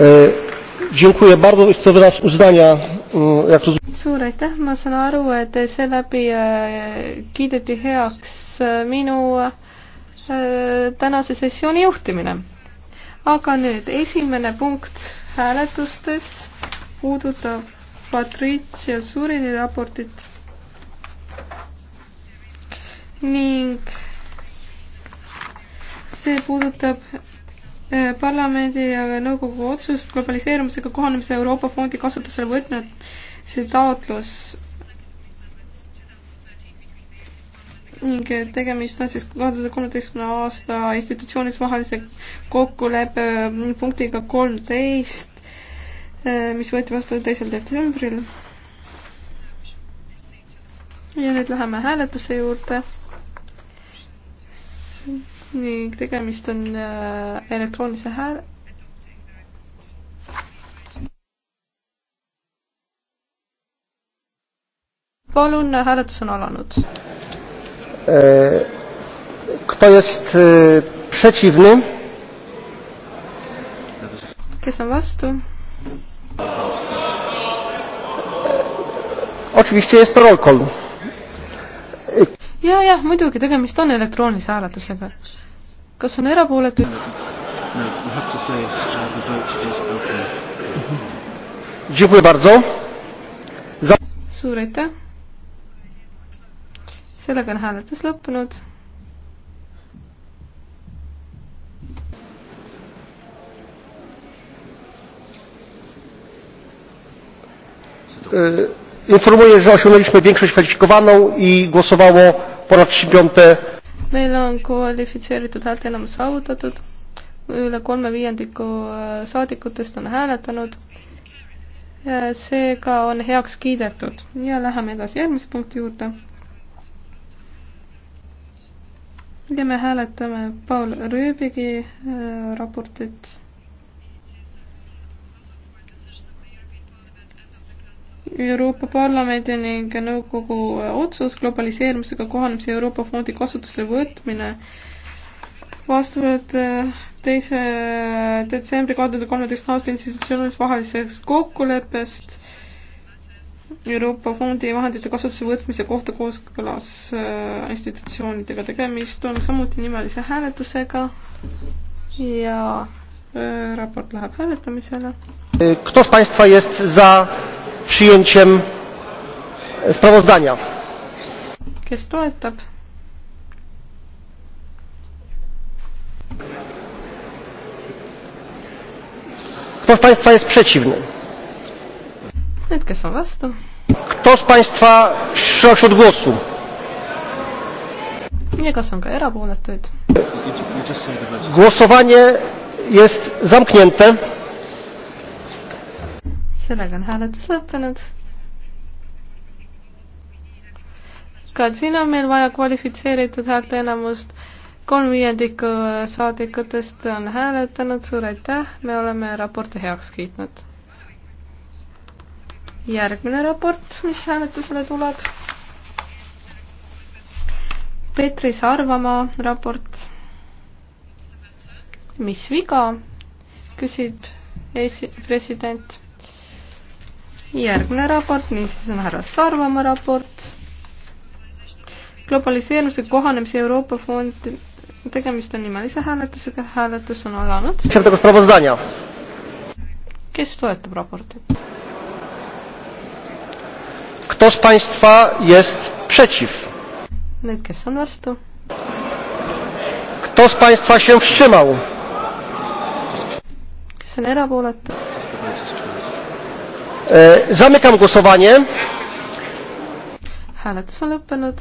E, dziękuję bardzo. Jest to wyraz uznania, mm, jak to... Suur aitäh, ma saan aru, et seeläbi e, kiideti heaks e, minu tänase sessiooni juhtimine. aga nüüd esimene punkt hääletustes puudutab Patricia Surini raportit ning see puudutab Äh, parlamendi ja nõukogu otsust globaliseerumisega kohanemise Euroopa Fondi kasutusele võtnud see taotlus ning tegemist on siis kahe tuhande kolmeteistkümne aasta institutsioonide vahelise kokkuleppe äh, punktiga kolmteist, äh, mis võeti vastu teisel detsembril. ja nüüd läheme hääletuse juurde ning tegemist on äh, elektroonilise hääle palun, äh, hääletus on alanud. E, e, kes on vastu? E, oczywiście jest to roll call ja, jah, muidugi, tegemist on elektroonilise hääletusega. kas on erapooletuid no,? No, suur aitäh. sellega on hääletus lõppenud. E, informuję że osiągnęliśmy większość kwalifikowaną i głosowało meil on kvalifitseeritud häälteenamus saavutatud, üle kolme viiendiku äh, saadikutest on hääletanud. seega on heaks kiidetud ja läheme edasi järgmise punkti juurde. ja me hääletame Paul Rüübigi äh, raportit Euroopa Parlamendi ning nõukogu otsus globaliseerumisega kohanemise Euroopa fondi kasutusele võtmine vastavalt äh, teise äh, detsembri kahe tuhande kolmeteistkümnenda aasta institutsioonilisest vahelisest kokkuleppest Euroopa fondi vahendite kasutuse võtmise kohta kooskõlas äh, institutsioonidega tegemist on samuti nimelise hääletusega ja raport läheb hääletamisele. Kto z Państwa jest za przyjęciem sprawozdania. Kes toetab? Kto z Państwa jest przeciwny? Need, kes on vastu. Kto z Państwa wstrzymał się od głosu? Nie, kas on ka erapooletuid. Głosowanie jest zamknięte sellega on hääletus lõppenud. ka siin on meil vaja kvalifitseeritud häälteenamust. kolm viiendikku saadikutest on hääletanud, suur aitäh, me oleme raporti heaks kiitnud. järgmine raport, mis hääletusele tuleb. Petri Sarvamaa raport. mis viga, küsib esi-, president järgmine raport, niisiis on härra Sarvamaa raport. globaliseerumise kohanemise Euroopa fond, tegemist on nimelise hääletusega, hääletus on alanud. kes toetab raportit? Kto z Państwa jest przeciw? Need, kes on vastu? Kto z Państwa się wstrzymał? Kes on erapooletu? E, zamykam głosowanie. Hääletus on lõppenud.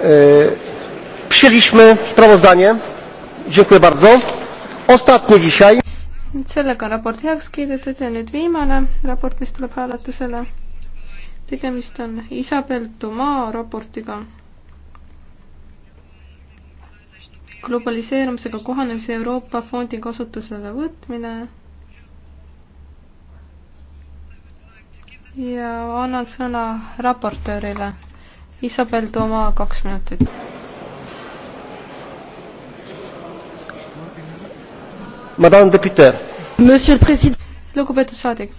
E, przyjęliśmy sprawozdanie. Dziękuję bardzo. Ostatnie dzisiaj. Sellega raport heaks kiidetud ja nüüd viimane raport, mis tuleb hääletusele. Tegemist on Isabel Tomaa raportiga. globaliseerumisega kohanemise Euroopa fondi kasutusele võtmine. ja annan sõna raportöörile. Isabel Toma, kaks minutit. lugupeetud saadik,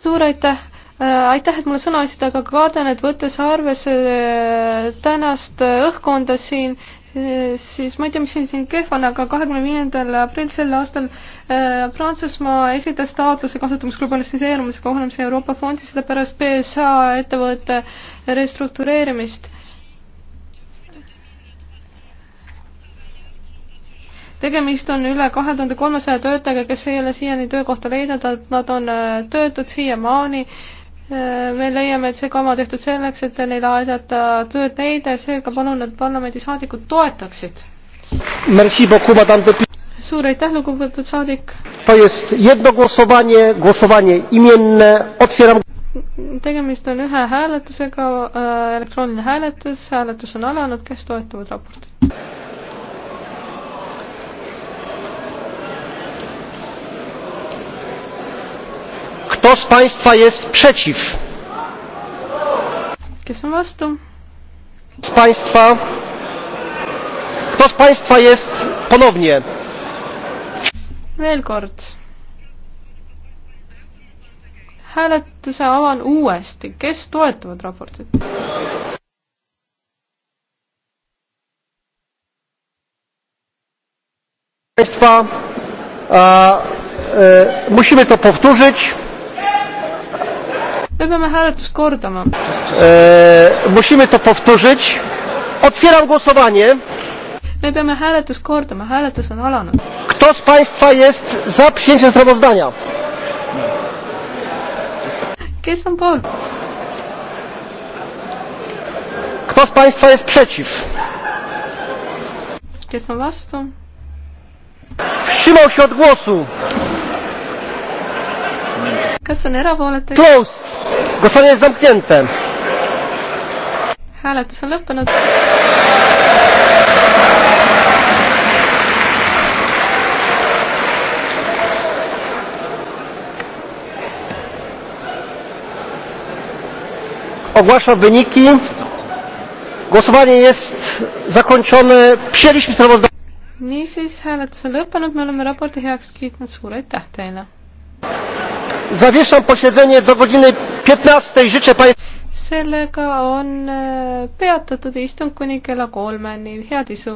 suur aitäh äh, aitäh, et mulle sõna andsid, aga kardan, et võttes arvesse äh, tänast äh, õhkkonda siin Eh, siis ma ei tea, mis siin, siin kehv on, aga kahekümne viiendal aprill sel aastal äh, Prantsusmaa esitas taotluse kasutamaks globaliseerumise kohanemise Euroopa fondi, seda pärast BSA ettevõtte restruktureerimist. tegemist on üle kahe tuhande kolmesaja töötajaga, kes ei ole siiani töökohta leidnud, nad on eh, töötud siiamaani äh, Äh, me leiame, et see kava tehtud selleks, et neile aidata tööd leida, seega palun, et parlamendisaadikud toetaksid. suur aitäh, lugupeetud saadik. tegemist on ühe hääletusega, äh, elektrooniline hääletus, hääletus on alanud, kes toetavad raportit? Kto z Państwa jest przeciw? Kes on vastu? Z Państwa. Kto z Państwa jest ponownie? Veel kord. Hääletuse avan uuesti. Kes toetavad raportit? Państwa, a, e, musimy to powtórzyć me peame hääletust kordama. E, musimy to powtórzyć. Otwieram głosowanie. me peame hääletust kordama, hääletus on alanud. Kto z Państwa jest za przyjęciem sprawozdania? Kes on poolt? Kto z Państwa jest przeciw? Kes on vastu? Wstrzymał się od głosu kas on erapooletuid? Closed! Głosowanie jest zamknięte. hääletus on lõppenud. Ogłaszam wyniki. Głosowanie jest zakończone. Przyjęliśmy sprawozdanie. Niisiis, hääletus on lõppenud, me oleme raporti heaks kiitnud, suur aitäh teile! Zawieszam posiedzenie do godziny 15. Życzę Państwu sellega on e, peatatud istung kuni kella kolmeni, head isu!